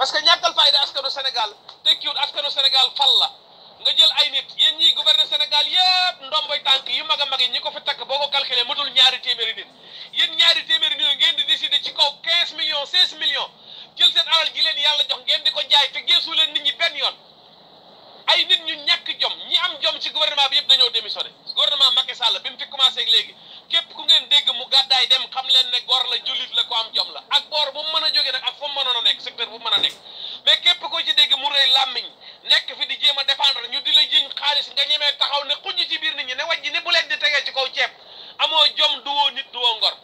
parce que ñàkkal fayda askanu Sénégal tekkiwut askanu Sénégal fal la nga jël ay nit yéen ñii gouverneur Sénégal yëpp ndomboy tànk yu mag a mag yi ñi ko fi takk boo ko calculé matul ñaari téeméeri nit yéen ñaari téeméeri nit di ci kaw 15 millions 16 millions jël seen alal gi leen yàlla jox ngeen di ko jaay te geesu leen ni ñi benn yoon ay nit ñu ñàkk jom ñi am jom ci gouvernement bi yëpp dañoo démissionné gouvernement Macky Sall bi mu fi commencé léegi képp ku xam leen ne góor la jullit la ko am jom la a mën a nekk mais képp ko ci dégg mu rëy làmmiñ nekk fi di jéem a défendre ñu di la jiñ xaalis nga ñemee taxaw ne xujj ci biir nit ñi ne wàjj ne bu leen di tegee ci kaw ceeb amoo jom duwoo nit duwoo ngor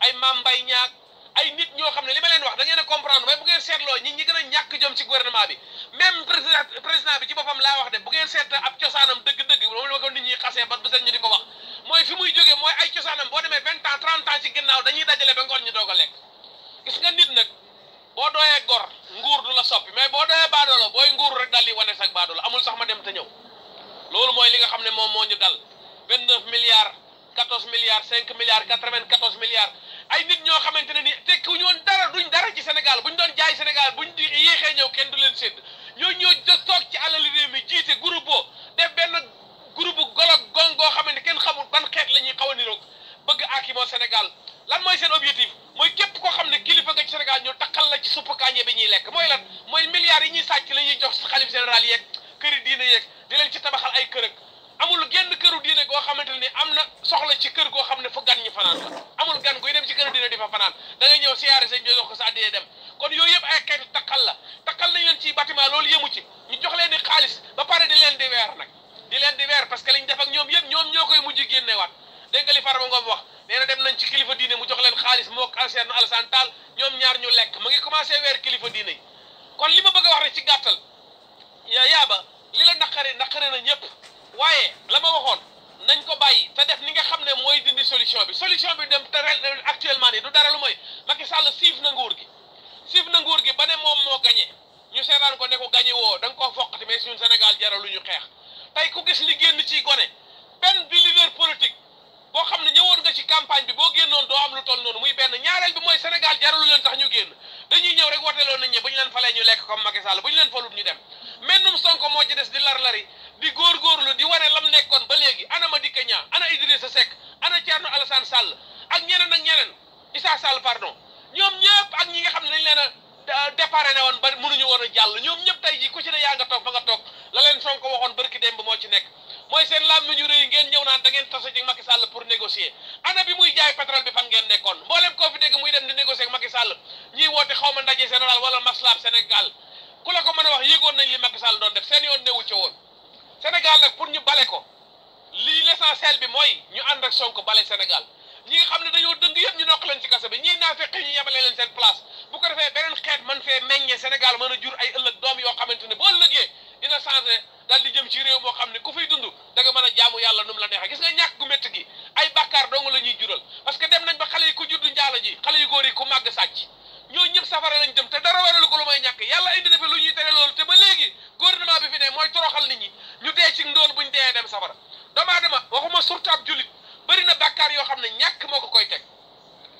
ay maam mbay ñoo xam ne li ma leen wax da ngeen a comprendre mais bu ngeen seetloo ñi ñi gën a ñàkk jom ci gouvernement bi même président bi ci boppam laa wax de bu ngeen seet ab cosaanam dëgg-dëgg moom la ko nit ñi xasee ba bu seen ñu di ko wax mooy fi muy jógee mooy ay cosaanam boo demee vingt ans trente ans ci ginnaaw dajale ba ngoon ñu doog a lekk gis nga nit nag boo soppi mais boo demee baadoolo booy nguur rek dal di wane sax baadoolo amul sax ma dem te ñëw loolu mooy li nga xam ne moom moo ñu dal vingt neuf milliards quatorze milliards cinq milliards quatre vingt quatorze milliards ay nit ñoo xamante ne ni tekkiwuñu woon dara duñ dara ci Sénégal buñ doon jaay Sénégal buñ di yéexee ñëw kenn du leen sédd ñoo ñoo da toog ci alali réew mi jiite groupe boo def benn groupe golog gong goo xamante kenn xamul ban xeet la ñuy xaw a niroog bëgg aakimoo Sénégal lan mooy seen objectif koo xam ne kilifa nga ci Sénégal ñu takkal la ci suppu kaañe bi ñuy lekk mooy lan mooy milliards yi ñuy sàcc la ñuy jox xalif général yeeg këri diine yeeg di leen ci tabaxal ay kër amul genn këru diine goo xamante ne am na soxla ci kër goo xam ne fu gan ñu fanaan la amul gan guy dem ci këru diine di fa fanaan da ñëw siyaare seen ñoo jox ko sa addiyee dem kon yooyu yëpp ay xeetu takkal la takkal nañ leen ci bâtiment loolu yemu ci ñu jox leen di xaalis ba pare di leen di weer di leen di parce que liñ def ak ñoom yëpp ñoom ñoo koy mujj génnewaat dégg nga li Farba Ngom nee na dem nañ ci kilifa diine mu jox leen xaalis moo ak Cerno Alassane Tall ñoom ñaar ñu lekk mu ngi commencé weer kilifa diine yi kon li ma bëgg a wax rek ci gàttal yaa yaaba li la naqare naqare na ñëpp waaye la ma waxoon nañ ko bàyyi te def ni nga xam ne mooy dindi solution bi solution bi dem te actuellement nii du dara lu mooy Macky Sall siif na nguur gi siif na nguur gi ba ne moom moo gañe ñu seetaan ko ne ko gañe woo da nga koo foqati mais suñu Sénégal jaralu ñu xeex tey ku gis li génn ci gone benn di leader ci campagne bi boo génnoon doo am lu toll noonu muy benn ñaareel bi mooy Sénégal jaralu leen sax ñu génn dañuy ñëw rek wateeloon nañ ñe bu Sonko moo ci des di larlari di góorgóorlu di wane lam nekkoon ba léegi ana Madické Niang ana sa Seck ana Thierno Alassane Sall ak ñeneen ak ñeneen Issa Sall pardon ñoom ñëpp ak ñi nga xam ne dañ leen a euh, déparé ne woon ba mënuñu woon a jàll ñoom ñëpp tey ji ku ci ne yaa nga toog fa nga toog la leen Sonko waxoon barki démb ngeen ñëw naan da ngeen tase ci Macky Sall pour négocier ana bi muy jaay pétrole bi fan ngeen nekkoon mboolem koo fi dégg muy dem di négocier ak Macky Sall ñiy woote xaw ma ndaje général wala maslaab Sénégal ku la ko mën a wax yëgoon nañ li Macky Sall doon def seen yoon newu ci woon Sénégal nag pour ñu bale ko lii l'essentiel bi mooy ñu ànd ak ko bale Sénégal ñi nga xam ne dañoo dëng yëpp ñu nokk leen ci kaso bi ñii naa feqi ñu yemale leen seen place bu ko defee beneen xeet man fee meññe Sénégal mën a jur ay ëllëg doom yoo xamante ne boo ëllëgee dina changé daal di jëm ci réew moo xam ne ku fiy dund danga mën a jaamu yàlla nu la neexee gi ay bàkkaar dong la ñuy jural parce que dem nañ ba xale yi ku juddu njaalo ji xale yu góor yi ku te dara waralu ko lu may yàlla indi na fi lu ñuy tere loolu te ba léegi gouvernement bi fi ne mooy toroxal nit ñi ñu dee ci ndóol buñ dee dem safara doomu aadama na bàkkaar yoo xam ne ñàkk moo ko koy teg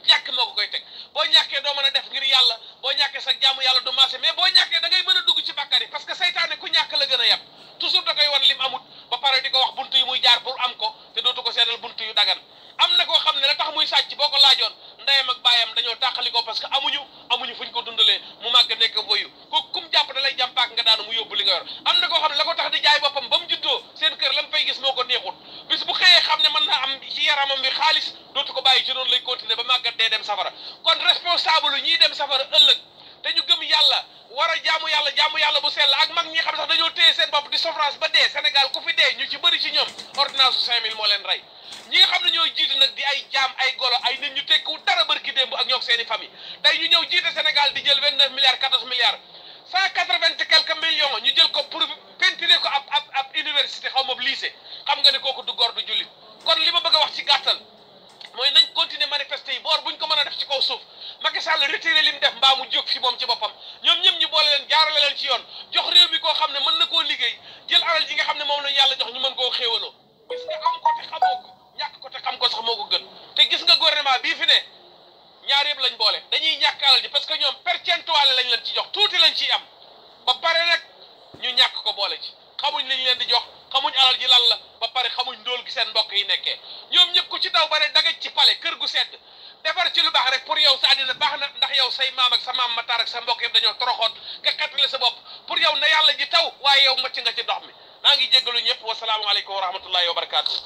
ñàkk moo ko teg boo ñàkkee doo mën a def ngir yàlla boo ñàkkee sa jaamu yàlla du marché mais boo ñàkkee da ngay mën a dugg ci bàkkaar yi parce que saytaane ku ñàkk la gën a yàpp toujours da koy wan lim amut ba pare di ko wax buntu yu muy jaar pour am ko te dootu ko seetal buntu yu dagan am na koo xam ne la tax muy sàcc boo ko laajoon ndeyam ak baayam dañoo tàqali ko parce que amuñu amuñu fuñ ko dundalee mu màgg nekk boyu ko kum jàpp da lay jàmpaak nga daanu mu yóbbu li nga yor am na koo xam ne la ko tax di jaay boppam ba mu juddoo seen kër la mu fay gis moo ko neexut bis bu xëyee xam ne mën naa am ci yaramam bi xaalis dootu ko bàyyi ci noonu lay continuer ba màggat dee dem safara kon responsable ñiy dem safara ëllëg ñu gëm yàlla war a jaamu yàlla jaamu yàlla bu sell ak mag ñi xam sax dañoo téye seen bopp di souffrance ba dee Sénégal ku fi dee ñu ci bëri ci ñoom ordonnance su 5000 moo leen rey ñi nga xam ne ñoo jiitu nag di ay jaam ay golo ay nit ñu tekkiwu dara barki démb ak ñoog seen i famille tey ñu ñëw jiite Sénégal di jël 29 milliards 14 milliards 180 quelques millions ñu jël ko pour pentirer ko ab ab ab université xaw ma lycée xam nga ne kooku du gor du jullit kon li ma bëgg a wax ci gàttal mooy nañ continuer manifester yi boor buñ ko mën a def ci kaw suuf Macky Sall retiré li mu mbaa mu jóg ci boppam boole leen jaarale leen ci yoon jox réew mi koo xam ne mën na koo liggéey jël alal ji nga xam ne moom lañ yàlla jox ñu mën koo xéewaloo gis nga am ko te xamoo ko xam ko sax moo ko gën te gis nga gouvernement bii fi ne ñaar yëpp lañ boole dañuy ñàkk alal ji parce que ñoom percentuel lañ leen ci jox tuuti lañ ciy am ba pare rek ñu ñàkk ko boole ci xamuñ lañu leen di jox xamuñ alal ji lan la ba pare xamuñ ndóol gi seen mbokk yi nekkee ñoom ñëpp ko ci daw bare dagaj ci pale kër gu sedd defar ci lu baax rek pour yow sa àddina baax na ndax yow say maam ak sa maam Matar ak sa mbokk yëpp dañoo toroxoon nga kattale sa bopp pour yow na yàlla ji taw waaye ma macc nga ci ndox mi maa ngi jéggalu ñëpp wasalaamaaleykum wa rahmatullahi wa barakaatu.